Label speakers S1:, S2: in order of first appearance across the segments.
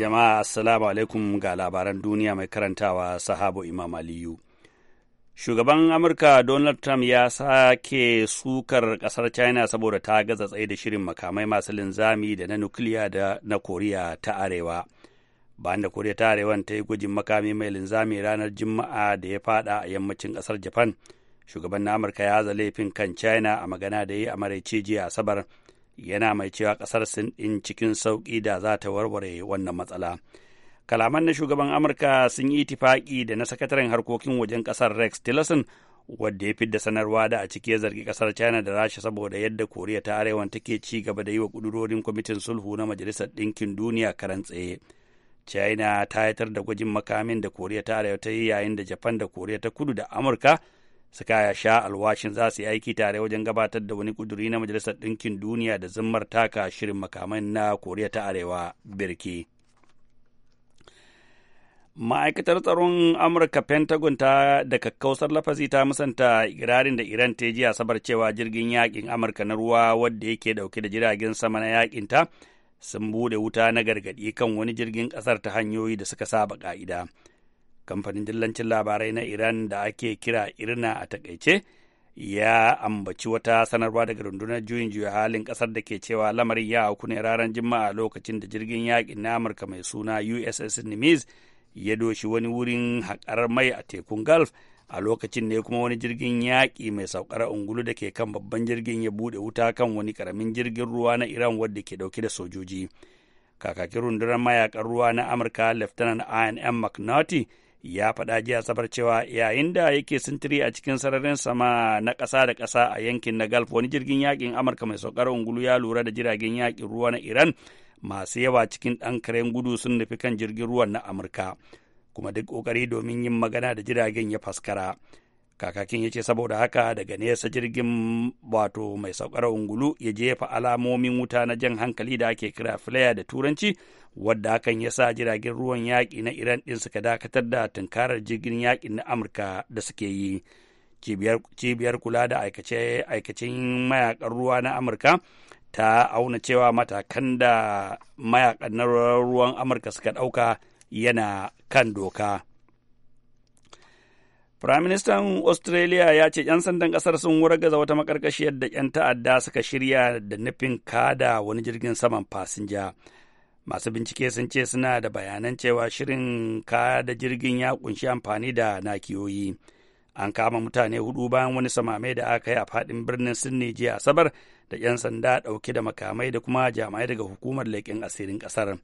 S1: Jama'a Assalamu alaikum ga labaran duniya mai karantawa sahabo Imam Aliyu. Shugaban Amurka Donald Trump ya sake sukar ƙasar China saboda ta gaza tsaye da shirin makamai masu linzami da na nukiliya da na Koriya ta Arewa. Bayan da Koriya ta Arewan ta yi gwajin makami mai linzami ranar Juma'a da ya fada a yammacin kasar Japan, shugaban na Amurka ya haza laifin kan China a magana da yi a jiya Asabar. yana mai cewa kasar sin ɗin cikin sauƙi da za ta warware wannan matsala kalaman na shugaban amurka sun yi tifaki da na sakataren harkokin wajen kasar rex tillerson wadda ya fidda sanarwa da a ciki ya zargi kasar china da rasha saboda yadda koriya ta arewa take ci gaba da yi wa kudurorin kwamitin sulhu na majalisar ɗinkin duniya karan tsaye china ta yatar da gwajin makamin da koriya ta arewa ta yi yayin da japan da koriya ta kudu da amurka Sakaya sha alwashin za su yi aiki tare wajen gabatar da wani kuduri na Majalisar Ɗinkin Duniya da zimmar taka shirin makamai na Koriya ta Arewa birki. Ma'aikatar tsaron Amurka Pentagon ta da kakkausar lafazi ta musanta ikirarin da Iran ta ji asabar cewa jirgin yakin Amurka na ruwa wadda yake dauke da jiragen sama na yakin ta sun bude wuta na gargadi kan wani jirgin ƙasar ta hanyoyi da suka saba ka'ida. kamfanin dillancin labarai na iran da ake kira irna a takaice ya ambaci wata sanarwa daga rundunar juyin juya halin kasar da ke cewa lamarin ya auku ne ranar juma'a lokacin da jirgin yaƙin na amurka mai suna uss nimitz ya doshi wani wurin haƙar mai a tekun gulf a lokacin ne kuma wani jirgin yaƙi mai saukar ungulu da ke kan babban jirgin ya buɗe wuta kan wani karamin jirgin ruwa na iran wadda ke ɗauke da sojoji kakakin rundunar mayakan ruwa na amurka lieutenant m mcnaughty ya faɗa jiya sabar cewa yayin da yake sintiri a cikin sararin sama na ƙasa da ƙasa a yankin na Gulf wani jirgin yakin Amurka mai saukar ungulu ya lura da jiragen yakin ruwa na Iran masu yawa cikin ɗan karen gudu sun nufi kan jirgin ruwan na Amurka kuma duk ƙoƙari domin yin magana da jiragen ya faskara. kakakin ya ce saboda haka daga nesa jirgin wato mai saukar ungulu ya jefa alamomin wuta na jan hankali da ake kira flare da turanci wadda hakan ya sa jiragen ruwan yaƙi na iran ɗin suka dakatar da tunkarar jirgin yaƙin na amurka da suke yi cibiyar kula da aikacin mayakan ruwa na amurka ta auna cewa matakan da mayakan ruwan amurka suka ɗauka yana kan doka. Firaministan Australia ya ce 'yan sandan ƙasar sun wargaza wata makarkashiyar da 'yan ta'adda suka shirya da nufin kada wani jirgin saman fasinja. Masu bincike sun ce suna da bayanan cewa shirin kada jirgin ya kunshi amfani da nakiyoyi. An kama mutane hudu bayan wani samame da aka yi a faɗin birnin Sydney jiya Asabar da 'yan sanda ɗauke da makamai da kuma jami'ai daga hukumar leƙen asirin ƙasar.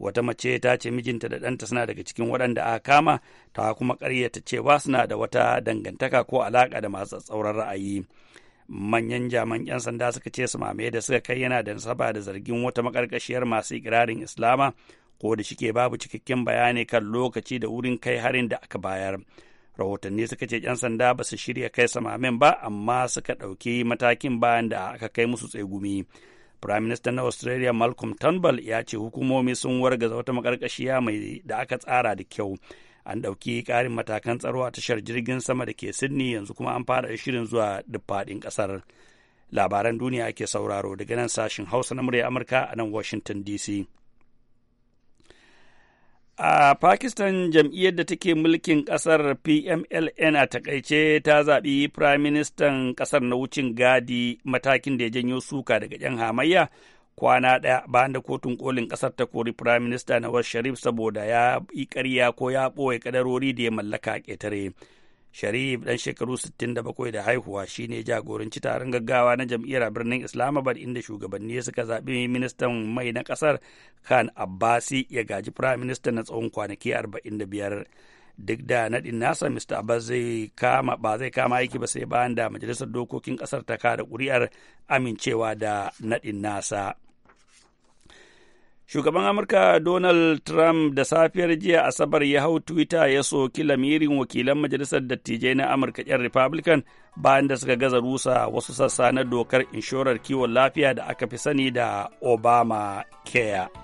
S1: wata mace ta ce mijinta da ɗanta suna daga cikin waɗanda aka kama ta kuma ƙaryata cewa suna da wata dangantaka ko alaƙa da masu tsauran ra'ayi manyan jaman 'yan sanda suka ce su mame da suka kai yana da nasaba da zargin wata makarkashiyar masu ikirarin islama ko da shike babu cikakken bayani kan lokaci da wurin kai harin da aka bayar rahotanni suka ce 'yan sanda ba su shirya kai samamen ba amma suka ɗauki matakin bayan da aka kai musu tsegumi. Firaministan na Australia Malcolm Turnbull ya ce hukumomi sun wargaza wata makarkashiya mai da aka tsara da kyau. An ɗauki karin matakan tsaro a tashar jirgin sama da ke Sydney yanzu kuma an fara shirin zuwa duk faɗin ƙasar. Labaran duniya ake sauraro daga nan sashin Hausa na murya Amurka a nan Washington DC. A Pakistan jam'iyyar da take mulkin ƙasar PMLN a takaice ta zaɓi Firaministan ƙasar na wucin gadi matakin da ya janyo suka daga 'yan hamayya kwana ɗaya bayan da kotun kolin ƙasar ta kori Firaminista Nawaz Sharif saboda ya yi ƙarya ko ya ɓoye ƙadarorin da ya mallaka ƙetare. Sharif ɗan shekaru 67 da haihuwa shine jagoranci taron gaggawa na jam'iyyar birnin Islamabad inda shugabanni suka zaɓi ministan mai na ƙasar Khan Abbasi ya gaji Prime Minister na tsawon kwanaki 45. Duk da naɗin nasa Mr. Abbas zai kama ba zai kama aiki ba sai bayan da majalisar dokokin ƙasar ta kada ƙuri'ar amincewa da naɗin nasa. Shugaban Amurka Donald Trump da safiyar jiya Asabar ya hau Twitter ya soki lamirin wakilan Majalisar Dattijai na Amurka 'yan Republican bayan da suka gaza rusa wasu sassa na dokar inshorar kiwon lafiya da aka fi sani da Obama Care.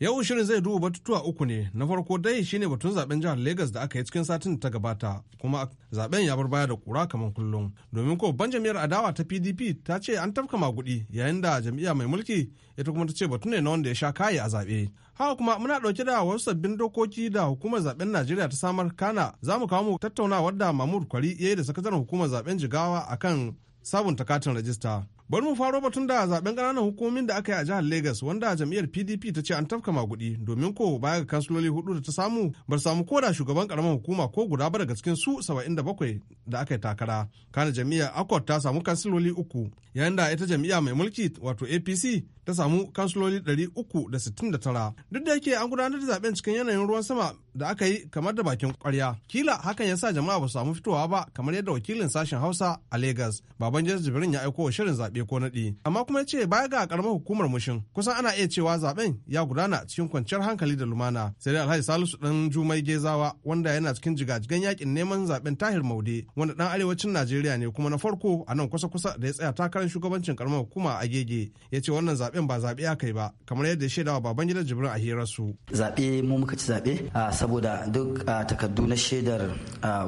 S2: Yau shirin zai duba batutuwa uku ne, na farko dai shine batun zaben jihar Legas da aka yi cikin satin da ta gabata, kuma zaben ya bar baya da kura kamar kullum. Domin ko ban jam'iyyar adawa ta PDP ta ce an tafka magudi yayin da jami'a mai mulki ita kuma ta ce batu ne na wanda ya sha kaye a zaɓe. Haka kuma muna ɗauke da wasu sabbin dokoki da hukumar zaben Najeriya ta samar kana za mu kawo mu tattaunawar da mamur Kwari ya yi da sakataren hukumar zaben Jigawa akan sabunta katin rajista. Bari mu faro batun da zaben ƙananan hukumomin da aka yi a jihar Legas wanda jam'iyyar PDP ta ce an tafka maguɗi domin ko baya ga kansiloli hudu da ta samu bar samu ko da shugaban karamar hukuma ko guda ba daga cikin su 77 da aka yi takara. Kana jam'iyyar Akot ta samu kansiloli uku yayin da ita jam'iyya mai mulki wato APC ta samu kansiloli 369 duk da yake an gudanar da zaben cikin yanayin ruwan sama da aka yi kamar da bakin kwarya kila hakan ya sa jama'a ba su samu fitowa ba kamar yadda wakilin sashen hausa a lagos baban jibrin ya aiko shirin zaɓe zaɓe ko naɗi amma kuma ce baya ga karamar hukumar mushin kusan ana iya cewa zaɓen ya gudana cikin kwanciyar hankali da lumana sai dai alhaji salisu ɗan jumai gezawa wanda yana cikin jigajigan yakin neman zaben tahir maude wanda dan arewacin najeriya ne kuma na farko a nan kusa kusa da ya tsaya takarar shugabancin karamar hukuma a gege ya ce wannan zaben ba zaɓe ya yi ba kamar yadda ya shaidawa baban gidan jibrin a hirar su.
S3: zaɓe mu muka ci zaɓe saboda duk takardu na shaidar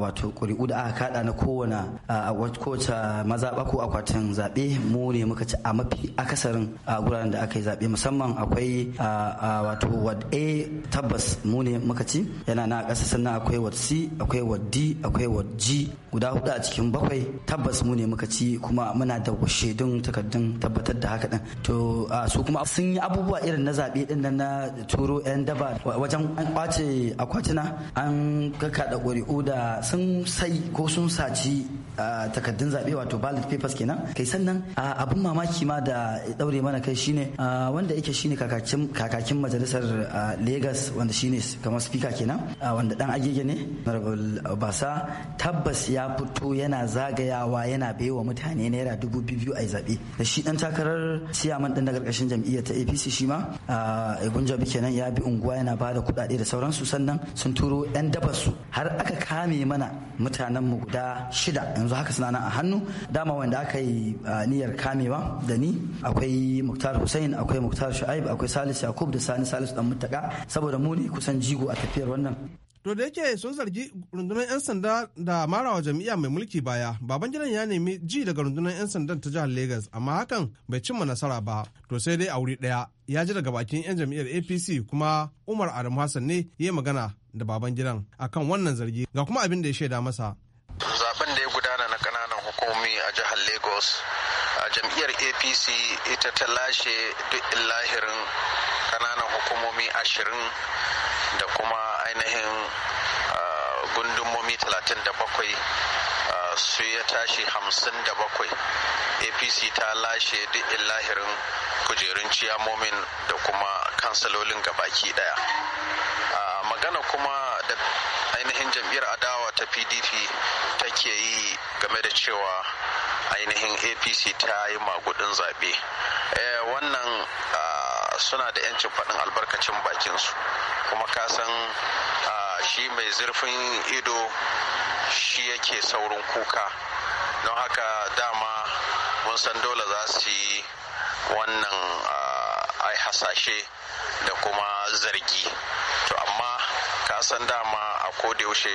S3: wato ƙuri'u da aka kaɗa na kowane kowace mazaɓa ko akwatin zaɓe mu mu ne muka ci a mafi akasarin a guraren da aka yi zaɓe musamman akwai wato wad a tabbas mu ne muka ci yana na ƙasa sannan akwai wad c akwai wad d akwai wad g guda hudu a cikin bakwai tabbas mu ne muka ci kuma muna da shaidun takardun tabbatar da haka din to su kuma sun yi abubuwa irin na zaɓe din na turo yan daba wajen an kwace akwatina an kakkaɗa ƙuri'u da sun sai ko sun saci takardun zaɓe wato ballot papers kenan kai sannan abin mamaki ma da daure mana kai shine wanda yake shine kakakin kakakin majalisar Lagos wanda shine kamar speaker kenan wanda dan agege ne Basa tabbas ya fito yana zagayawa yana baiwa mutane naira dubu biyu a zaɓe da shi dan takarar ciyaman din na karkashin jam'iyyar ta APC shi ma kenan ya bi unguwa yana ba da kuɗaɗe da sauransu sannan sun turo 'yan dabarsu har aka kame mana mutanen mu guda shida yanzu haka suna nan a hannu dama wanda aka yi niyyar kamewa da ni akwai muktar hussein akwai muktar shu'aib akwai
S2: salisu yakub da sani salisu dan mutaka saboda mu ne kusan jigo a tafiyar wannan To da yake sun zargi rundunar 'yan sanda da marawa jami'a mai mulki baya, baban gidan ya nemi ji daga rundunar 'yan sandan ta jihar Legas, amma hakan bai cimma nasara ba. To sai dai a wuri daya ya ji daga bakin 'yan jami'ar APC kuma Umar Adamu Hassan ne ya magana da baban gidan akan wannan zargi ga kuma abin da ya shaida masa.
S4: hukumi a jihar lagos a jam'iyyar apc ita ta lashe duk lahirin kananan hukumomi ashirin da kuma ainihin gundumomi 37 su ya tashi 57 apc ta lashe duk lahirin kujerun ciyamomin da kuma kansalolin gabaki daya magana kuma da ainihin jam'iyyar adawa wata pdp take yi game da cewa ainihin apc ta yi magudin zaɓe eh, wannan ah, suna da 'yancin faɗin albarkacin bakinsu kuma kasan ah, shi mai zurfin ido shi yake saurin kuka don haka dama mun san dole za su yi wannan ah, ai hasashe da kuma zargi to amma kasan dama a yaushe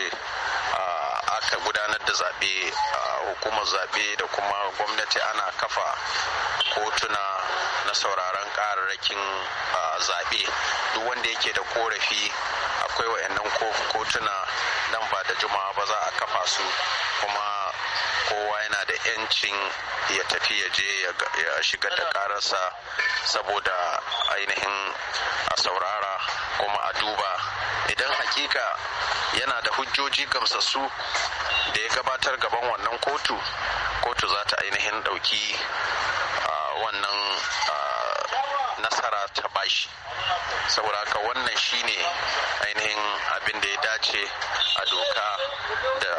S4: aka gudanar da zaɓe a hukumar zaɓe da kuma gwamnati ana kafa kotuna na sauraron ƙararrakin zaɓe duk wanda yake da korafi akwai wa'annan kotuna nan ba da juma'a ba za a kafa su kuma kowa yana da 'yancin ya tafi ya je ya shiga da ƙararsa. saboda ainihin a saurara kuma a duba idan hakika yana da hujjoji gamsassu da ya gabatar gaban wannan kotu kotu za ta ainihin ɗauki wannan nasara ta bashi saboda haka wannan shine ainihin abin da ya dace a doka da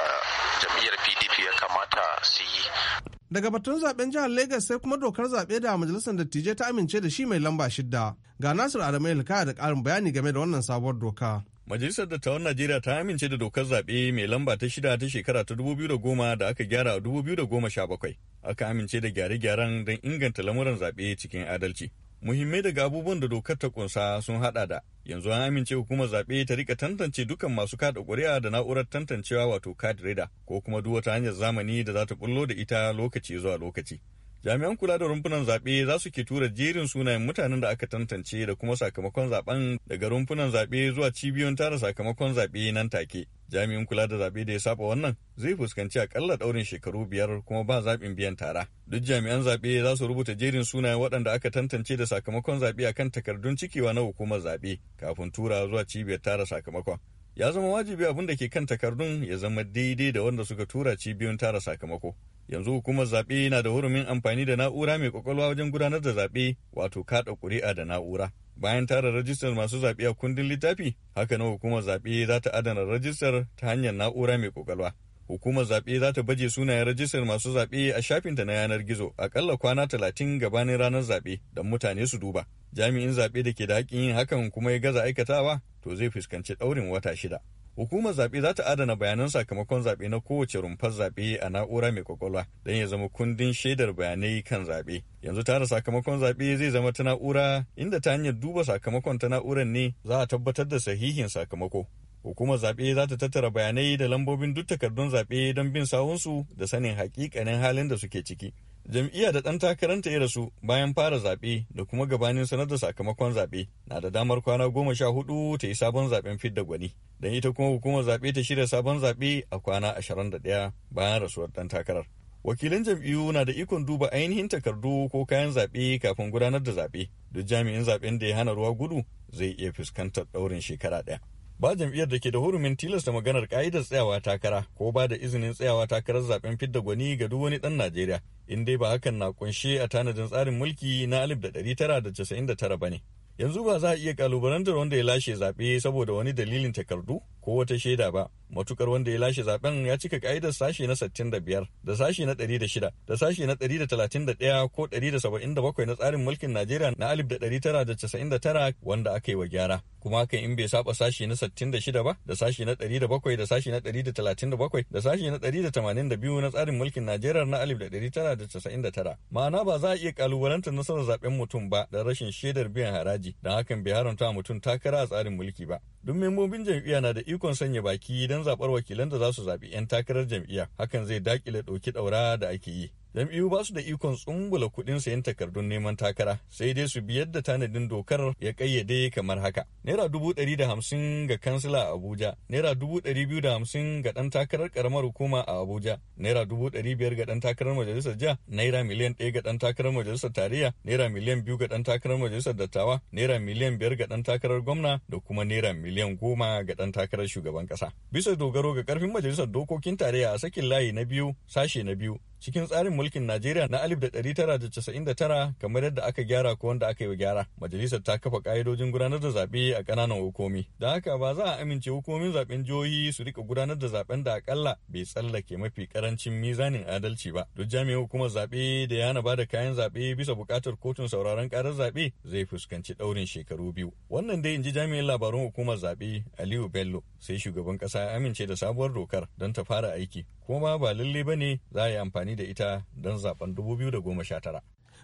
S4: jam'iyyar pdp ya kamata su yi
S2: Daga batun zaben jihar Legas sai kuma dokar zaɓe da majalisar dattijai ta amince da shi mai lamba shidda. Ga Nasir Adamu Elkaya da ƙarin bayani game da wannan sabuwar doka.
S5: Majalisar Dattawan Najeriya ta amince da dokar zaɓe mai lamba ta shida ta shekara ta 2010 da aka gyara a 2017. Aka amince da gyare-gyaren don inganta lamuran zaɓe cikin adalci. muhimmai daga abubuwan da dokar ta kunsa sun hada da yanzu an amince hukumar zaɓe ta rika tantance dukan masu kada kuri'a da na'urar tantancewa wato card reader ko kuma duk wata hanyar zamani da za ta bullo da ita lokaci zuwa lokaci jami'an kula da rumfunan zaɓe za su ke tura jerin sunayen mutanen da aka tantance da kuma sakamakon zaben daga rumfunan zaɓe zuwa cibiyoyin tara sakamakon zaɓe nan take jami'in kula da zaɓe da ya saba wannan zai fuskanci akalla ɗaurin shekaru biyar kuma ba zaɓin biyan tara duk jami'an zaɓe za su rubuta jerin sunayen waɗanda aka tantance da sakamakon zaɓe akan takardun cikewa na hukumar zaɓe kafin tura zuwa cibiyar tara sakamakon ya zama wajibi abin da ke kan takardun ya zama daidai da wanda suka tura cibiyoyin tara sakamako yanzu hukumar zaɓe na da hurumin amfani da na'ura mai kwakwalwa wajen gudanar da zaɓe wato kaɗa ƙuri'a da na'ura bayan tara rajistar masu zaɓe a kundin littafi haka na hukumar zaɓe za ta adana rajistar ta hanyar na'ura mai kwakwalwa Hukumar zaɓe za ta baje sunayen rajistar masu zaɓe a shafinta na yanar gizo akalla kwana talatin gabanin ranar zaɓe don mutane su duba. Jami'in zaɓe da ke da haƙƙin yin hakan kuma ya gaza aikatawa to zai fuskanci ɗaurin wata shida. Hukumar zaɓe za ta adana bayanan sakamakon zaɓe na kowace rumfar zaɓe a na'ura mai kwakwalwa don ya zama kundin shaidar bayanai kan zaɓe. Yanzu tara sakamakon zaɓe zai zama ta na'ura inda ta hanyar duba sakamakon ta na'urar ne za a tabbatar da sahihin sakamako. Hukumar zaɓe za ta tattara bayanai da lambobin duk takardun zaɓe don bin sawunsu da sanin hakikanin halin da suke ciki. Jam'iyya da ɗan takaranta ya rasu bayan fara zaɓe da kuma gabanin sanar da sakamakon zaɓe na da damar kwana goma sha hudu ta yi sabon zaɓen fidda gwani. Don ita kuma hukumar zaɓe ta shirya sabon zaɓe a kwana ashirin da ɗaya bayan rasuwar ɗan takarar. wakilin jam'iyyu na da ikon duba ainihin takardu ko kayan zaɓe kafin gudanar da zaɓe. Duk jami'in zaɓen da ya hana ruwa gudu zai iya fuskantar ɗaurin shekara ɗaya. ba jam'iyyar da ke da hurumin tilasta maganar ka'idar tsayawa takara ko ba da izinin tsayawa takarar zaben fidda gwani ga duk wani dan Najeriya in dai ba hakan na kunshe a tanadin tsarin mulki na alif da da da tara casa'in 1999 ne yanzu ba za a iya kalubalantar wanda ya lashe zaɓe saboda wani dalilin takardu ko wata shaida ba matukar wanda ya lashe zaben ya cika ka'idar sashe na 65 da sashe na 106 da sashe na 131 ko 177 na tsarin mulkin Najeriya na 1999 wanda aka yi wa gyara kuma hakan in bai saba sashe na 66 ba da sashe na 107 da sashe na 137 da sashe na 182 na tsarin mulkin Najeriya na 1999 ma'ana ba za a iya kalubalantar nasarar zaben mutum ba da rashin shaidar biyan haraji don hakan bai haramta mutum takara a tsarin mulki ba duk membobin jam'iyya na da ikon sanya baki don zaɓar wakilan da za su zaɓi 'yan takarar jam'iyya hakan zai dakile ɗauki ɗaura da ake yi jam'iyyu ba su da ikon tsungula kuɗin sayan takardun neman takara sai dai su bi yadda tanadin dokar ya ƙayyade kamar haka naira dubu ɗari da hamsin ga kansila a abuja naira dubu ɗari biyu da hamsin ga ɗan takarar ƙaramar hukuma a abuja naira dubu ɗari biyar ga ɗan takarar majalisar jiha naira miliyan ɗaya ga ɗan takarar majalisar tarayya naira miliyan biyu ga ɗan takarar majalisar dattawa naira miliyan biyar ga ɗan takarar gwamna da kuma naira miliyan goma ga ɗan takarar shugaban ƙasa bisa dogaro ga ƙarfin majalisar dokokin tarayya a sakin layi na biyu sashe na biyu cikin tsarin mulkin Najeriya na 1999 kamar yadda aka gyara ko wanda aka yi gyara. Majalisar ta kafa ka'idojin gudanar da zaɓe a ƙananan hukumi. Da haka ba za a amince hukumomin zaɓen jihohi su rika gudanar da zaɓen da akalla bai tsallake mafi karancin mizanin adalci ba. Duk jami'in hukumar zaɓe da yana ba da kayan zaɓe bisa buƙatar kotun sauraron ƙarar zaɓe zai fuskanci ɗaurin shekaru biyu. Wannan dai in ji jami'in labarun hukumar zaɓe Aliyu Bello sai shugaban ƙasa ya amince da sabuwar dokar don ta fara aiki. Kuma ba lalle ba ne za a yi amfani da ita don zaben 2019.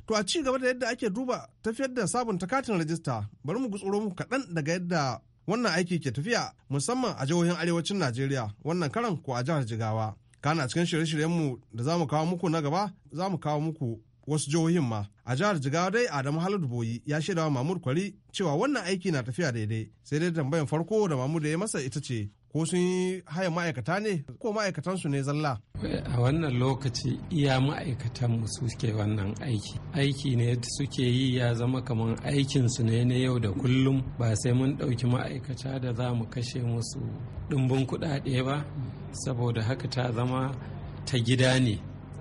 S2: To a ci gaba da yadda ake duba tafiyar da sabunta katin rajista bari mu gutsuro mu kaɗan daga yadda wannan aiki ke tafiya musamman a jihohin arewacin Najeriya wannan karan ko a jihar Jigawa. Kana cikin shirye-shiryenmu da za mu kawo muku na gaba za mu kawo muku wasu jihohin ma a jihar jigawa dai adamu haladu boyi ya shaidawa mamud kwari cewa wannan aiki na tafiya daidai sai dai tambayar farko da mamud ya yi masa ita ce ko sun yi haya ma'aikata ne ko ma'aikatansu ne zalla
S6: a wannan lokaci iya ma'aikatan mu suke wannan aiki aiki ne suke yi ya zama kamar aikinsu ne na yau da kullum ba sai mun ɗauki ma'aikata da za mu kashe musu ɗumbin kuɗaɗe ba saboda haka ta zama ta gida ne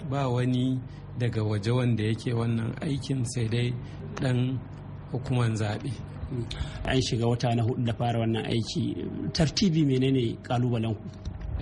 S6: ba wani daga waje wanda yake wannan aikin sai dai ɗan hukuman zaɓe
S7: an shiga wata na hudu da fara wannan aiki tartibi menene kalubalen ku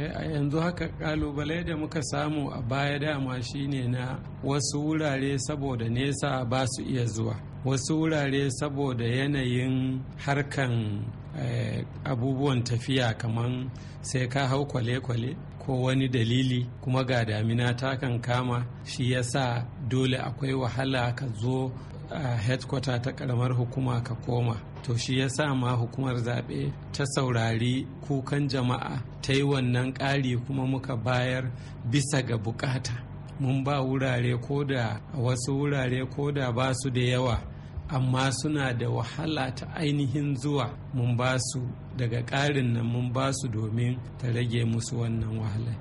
S6: eh, yanzu haka kalubale da muka samu a baya dama shine na wasu wurare saboda nesa ba su iya zuwa wasu wurare saboda yanayin harkan eh, abubuwan tafiya kamar sai ka hau kwale-kwale ko wani dalili kuma ga damina ta kan kama shi yasa dole akwai wahala ka zo A headquarter ta karamar hukuma ka koma to shi ya sa ma hukumar zaɓe ta saurari kukan jama'a ta yi wannan ƙari kuma muka bayar bisa ga bukata mun ba wurare ko da wasu wurare ko da ba su da yawa amma suna da wahala ta ainihin zuwa mun ba su daga ƙarin nan mun ba su domin ta rage musu wannan wahala.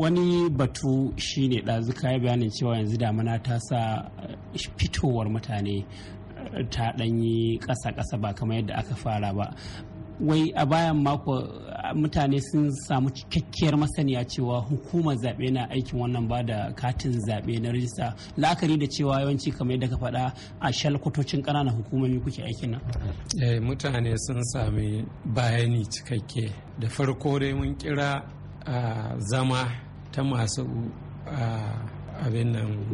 S7: Wani batu shine ɗazuka ya bayanin cewa yanzu damana ta sa eh, fitowar mutane eh, ta ɗanyi ƙasa-ƙasa ba kamar yadda aka fara ba wai a bayan mako mutane sun samu cikakkiyar masaniya cewa hukumar zaɓe na aikin wannan ba da katin zaɓe na rijista la'akari da cewa yawanci kamar yadda ka faɗa a shalkwatocin ƙananan hukumomi kuke aikin nan.
S6: Eh, mutane sun sami bayani cikakke da farko dai mun kira zama ta masu abin nan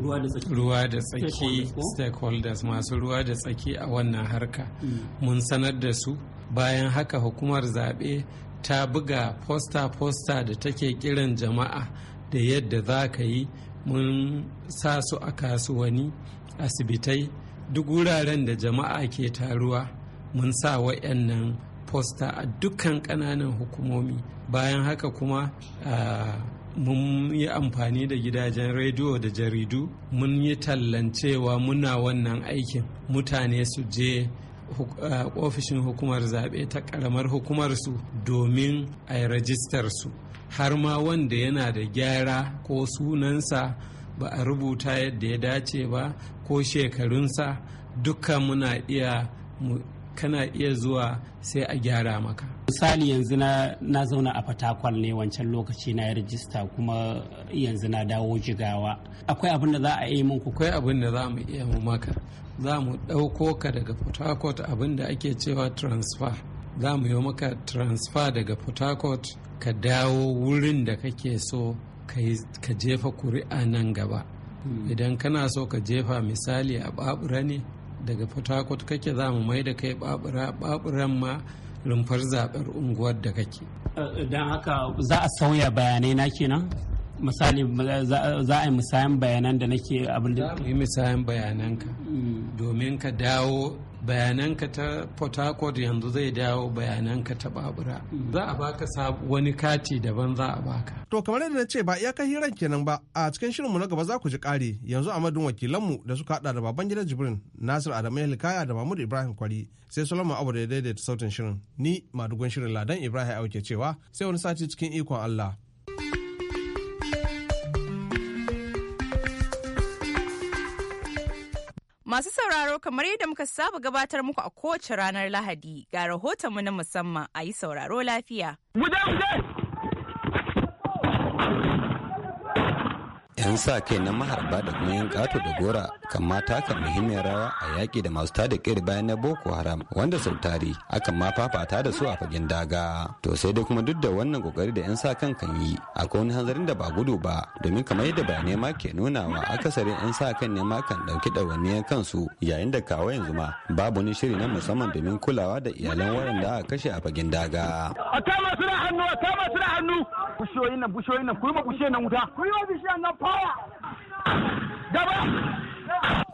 S6: ruwa da tsaki stakeholders masu ruwa da tsaki a wannan harka mm. mun sanar da su bayan haka hukumar zaɓe ta buga fosta-fosta da take kiran jama'a da yadda za ka yi mun sa su a kasuwani asibitai duk wuraren da jama'a ke taruwa mun sa wa'annan fosta a dukkan ƙananan hukumomi bayan haka kuma mun yi amfani da gidajen rediyo da jaridu mun yi tallancewa muna wannan aikin mutane su je Eh, ofishin hukumar zaɓe ta ƙaramar hukumar su domin a yi rajistar su har ma wanda yana da gyara ko sunansa ba a rubuta yadda ya dace ba ko shekarunsa duka muna iya kana iya zuwa sai a gyara maka misali yanzu
S7: na zauna a fatakwal ne wancan lokaci na ya rajista kuma yanzu na dawo jigawa akwai abin da za a yi
S6: ku akwai abin da za mu iya mu maka za mu ɗauko ka daga port harcourt abinda ake cewa transfer za mu yi maka transfer daga port harcourt ka dawo wurin da kake so ka jefa kuri'a nan gaba hmm. idan kana so ka jefa misali a babura ne daga port harcourt kake za mu mai da kai babura baburan ma rumfar zaɓar unguwar da kake
S7: eh, don haka za a sauya bayanai na kenan misali za a yi misayan bayanan da nake abin da
S6: mu yi misayan bayananka mm. domin ka dawo bayananka ta port harcourt yanzu zai dawo bayananka ta babura mm. za a baka wani kati daban za a baka
S2: to kamar yadda na ce ba iyakar hirar kenan ba a cikin shirinmu na gaba za ku ji kare yanzu a madun wakilanmu da suka hada da baban gidan jibrin nasir adamu hilkaya da mahmud ibrahim kwari sai solomon abu da ya daidaita sautin shirin ni madugun shirin ladan ibrahim auke cewa sai wani sati cikin ikon allah
S8: Masu sauraro kamar yadda muka saba gabatar muku a kowace ranar Lahadi ga rahotonmu na musamman a yi sauraro lafiya.
S9: 'yan sa kai na maharba da kuma yan kato da gora kan mata taka muhimmiyar rawa a yaƙi da masu tada bayan na boko haram wanda sau tari aka ma fafata da su a fagen daga to sai dai kuma duk da wannan kokari da 'yan sa kan kan yi akwai wani hanzarin da ba gudu ba domin kamar yadda bayanai ma ke nunawa akasarin 'yan sa kan ne ma kan ɗauki ɗawainiyar kansu yayin da kawo yanzu ma babu wani shiri na musamman domin kulawa da iyalan waɗanda aka kashe a fagen daga.
S3: a kama masu da hannu a masu da hannu. bushiyoyin nan bushiyoyin nan ku yi ma bushiyoyin nan wuta. ku yi nan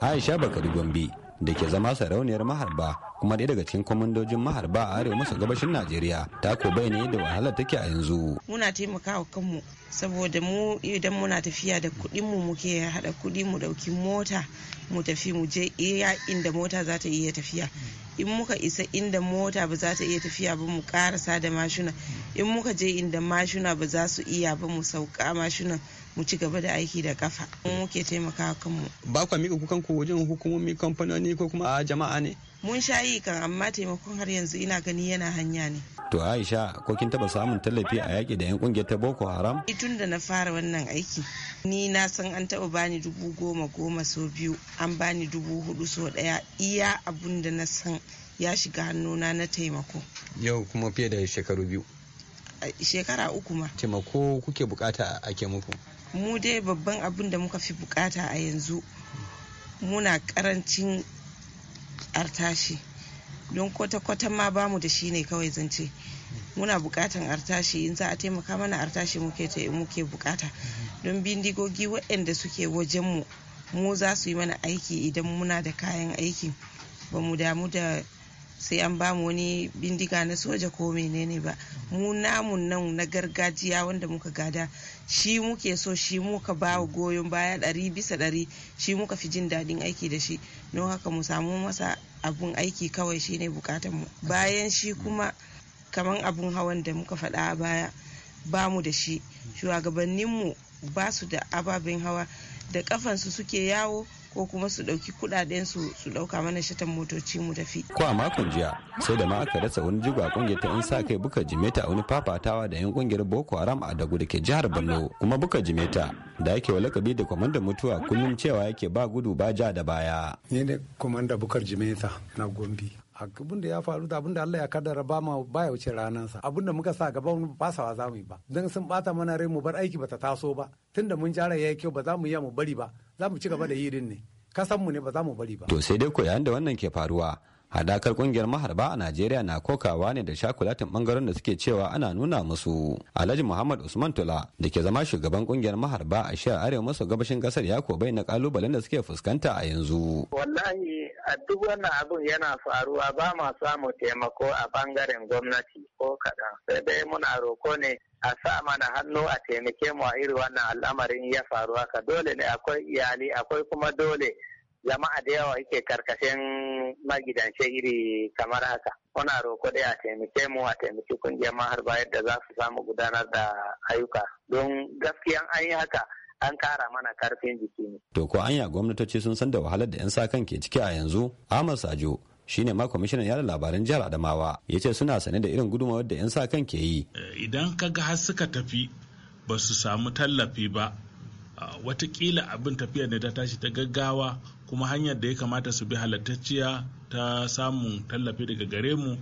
S9: Aisha Bakari Gombe da ke zama sarauniyar maharba kuma ɗaya daga cikin kwamandojin maharba a arewa masa gabashin Najeriya ta ko bayyana yadda wahalar take a yanzu.
S8: Muna taimakawa kanmu saboda mu idan muna tafiya da kuɗin mu muke haɗa kuɗi mu ɗauki mota mu tafi mu je iya inda mota za ta iya tafiya. In muka isa inda mota ba za ta iya tafiya ba mu karasa da mashina. In muka je inda mashina ba za su iya ba mu sauka mashinan. mu ci gaba da aiki da kafa mu muke taimakawa kanmu
S9: ba ku miƙa kukan ku wajen hukumomi kamfanoni ko kuma a jama'a ne
S8: mun sha yi kan amma taimakon har yanzu ina gani yana hanya ne
S9: to aisha ko kin taba samun tallafi a yaƙi da yan kungiyar ta boko haram
S8: tun da na fara wannan aiki ni na san an taɓa bani dubu goma goma so biyu an bani dubu hudu so ɗaya iya abun da na san ya shiga hannuna na taimako
S9: yau kuma fiye da shekaru biyu
S8: shekara uku ma
S9: taimako kuke bukata ake muku
S8: mu dai babban abin da muka fi bukata a yanzu muna karancin artashi don kwata-kwata ma bamu da shi ne kawai zance muna bukatan artashi in za a taimaka mana artashi muke bukata don bindigogi waɗanda suke wajenmu mu za su yi mana aiki idan muna da kayan aiki ba mu damu da sai an bamu wani bindiga na soja ko menene ba mu namun nan na gargajiya wanda muka gada shi muke so shi muka ba goyon baya ɗari bisa ɗari shi muka fi jin daɗin aiki da shi don haka mu samu masa abun aiki kawai shine bukatan mu bayan shi kuma kaman abun hawan da muka faɗa a baya ba mu da shi shugabanninmu ba su da ababen hawa da kafansu suke yawo ko kuma su ɗauki kuɗaɗen su su ɗauka mana shatan motoci mu tafi.
S9: Ko a makon jiya sai da ma aka rasa wani jigo a kungiyar ta 'yan sa kai buka jimeta wani fafatawa da 'yan kungiyar Boko Haram a Dagu da ke jihar Borno kuma buka jimeta da yake wa lakabi da kwamandan mutuwa kullum cewa yake ba
S4: gudu ba ja da baya. Ni ne kwamanda bukar jimeta na Gombe. abin da ya faru da abin da Allah ya kaddara ba ma ya wuce ranansa abin da muka sa gaba ba sawa za mu yi ba dan sun bata mana rai mu bar aiki ba ta taso ba tunda mun jara yayi kyau ba za mu yi mu bari ba za mu ci gaba da yi din ne kasan mu ne ba za mu bari ba
S9: to sai dai ko yayin da wannan ke faruwa hadakar kungiyar maharba a najeriya na kokawa ne da shakulatin bangaren da suke cewa ana nuna musu alhaji muhammad usman tula da ke zama shugaban kungiyar maharba a shiyar arewa maso gabashin kasar ya ko na kalubalen da suke fuskanta a yanzu
S4: wallahi a duk wannan abun yana faruwa ba ma samu taimako a bangaren gwamnati ko kaɗan sai dai muna roko ne a sa mana
S3: hannu a taimake mu a irin wannan al'amarin ya faru haka dole ne akwai iyali akwai kuma dole jama'a da yawa yake karkashin magidance iri kamar haka
S4: muna roko da ya taimake mu a taimaki kungiyar har bayar da za su samu gudanar da ayyuka don gaskiyan an yi haka an kara mana karfin jiki ne.
S9: To ko anya gwamnatoci sun san da wahalar da 'yan sa kan ke ciki a yanzu? Ahmad Sajo shine ma kwamishinan yada labaran jihar Adamawa ya ce suna sane da irin gudunmawar da 'yan sa kan ke yi.
S10: Eh, idan ka ga har suka tafi ba su samu tallafi ba watakila abin tafiya ne ta tashi ta gaggawa kuma hanyar da ya kamata su bi halattacciya ta samun tallafi daga gare mu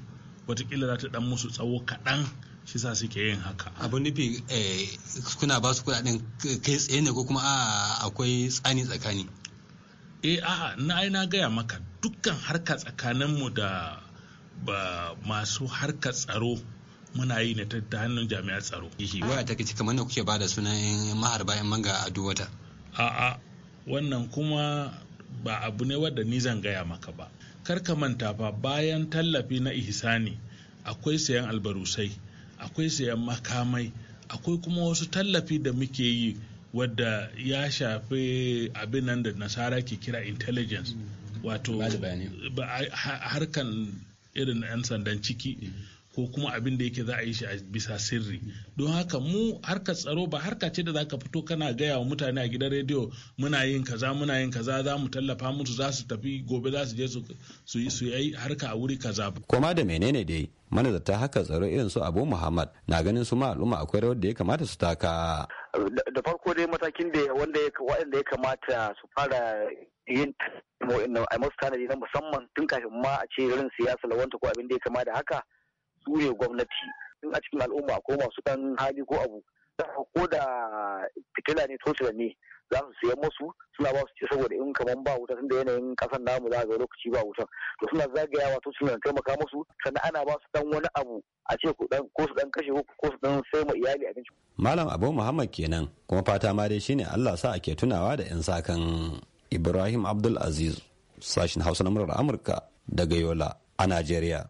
S10: watakila za ta dan musu tsawo kaɗan shi sa suke yin haka abu nufi eh, kuna ba su kuɗaɗen kai tsaye ne ko kuma akwai tsani tsakani eh a'a na ai gaya maka dukkan harka tsakaninmu da ba masu harka tsaro muna yi ne ta hannun jami'an tsaro. Waya kici kamar na kuke ba da sunan maharba yan manga a duwata. A'a wannan kuma ba abu ne wadda ni zan gaya maka ba kar ka manta fa bayan tallafi na ihsani akwai sayan albarusai akwai sayan makamai akwai kuma wasu tallafi da muke yi wadda ya shafi abin nan da nasara ke kira intelligence mm. wato harkan irin 'yan sandan ciki mm. ko kuma abin da yake za a yi shi a bisa sirri don haka mu harka tsaro ba harka ce da za ka fito kana gaya wa mutane a gidan rediyo muna yin kaza muna yin kaza za mu tallafa musu za su tafi gobe za su je su yi harka a wuri kaza ba. koma da
S9: menene dai ta haka tsaro irin su abu muhammad na ganin su ma al'umma akwai rawar da ya kamata su taka.
S3: da farko dai matakin da wanda ya kamata su fara yin a masu tanadi na musamman tun kafin ma a ce irin siyasa lawanta ko abin da ya kama da haka ture gwamnati in a cikin al'umma ko masu ɗan hali ko abu ko da fitila ne tosila ne za su siyan musu suna ba su ci saboda in kaman ba wuta tunda yanayin kasan namu za ga lokaci ba wutan to suna zagayawa wato suna taimaka musu sannan ana ba su dan wani abu a ce ko su dan kashe ko su dan sai ma iyali abinci
S9: malam abu muhammad kenan kuma fata ma dai shine Allah sa ake tunawa da yan sakan Ibrahim Abdul Aziz sashin Hausa na murar Amurka daga Yola a Najeriya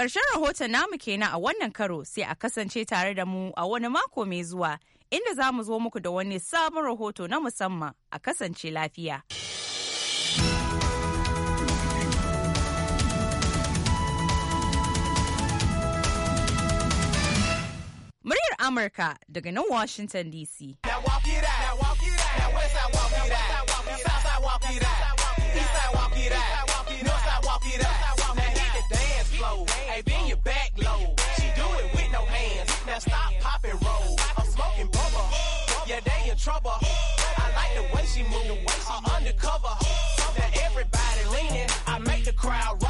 S2: Ƙarshen
S8: rahoton namu kenan a wannan karo sai a kasance tare da mu a wani mako mai zuwa inda za mu zo muku da wani sabon rahoto na musamman a kasance lafiya. Muryar Amurka daga nan Washington
S4: DC. she moved away, she undercover. Now everybody leaning, I make the crowd rock.